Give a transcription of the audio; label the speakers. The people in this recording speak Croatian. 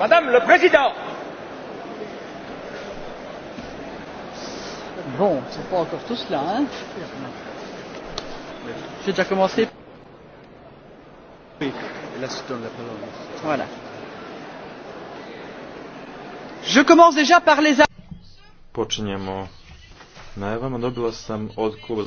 Speaker 1: Madame
Speaker 2: le Président
Speaker 3: Bon, c'est pas encore tout cela, hein
Speaker 4: J'ai déjà commencé.
Speaker 5: Oui,
Speaker 6: là, je donne la parole. Voilà. Je commence
Speaker 7: déjà par les...
Speaker 8: Počinjemo najavama. Dobila sam od kluba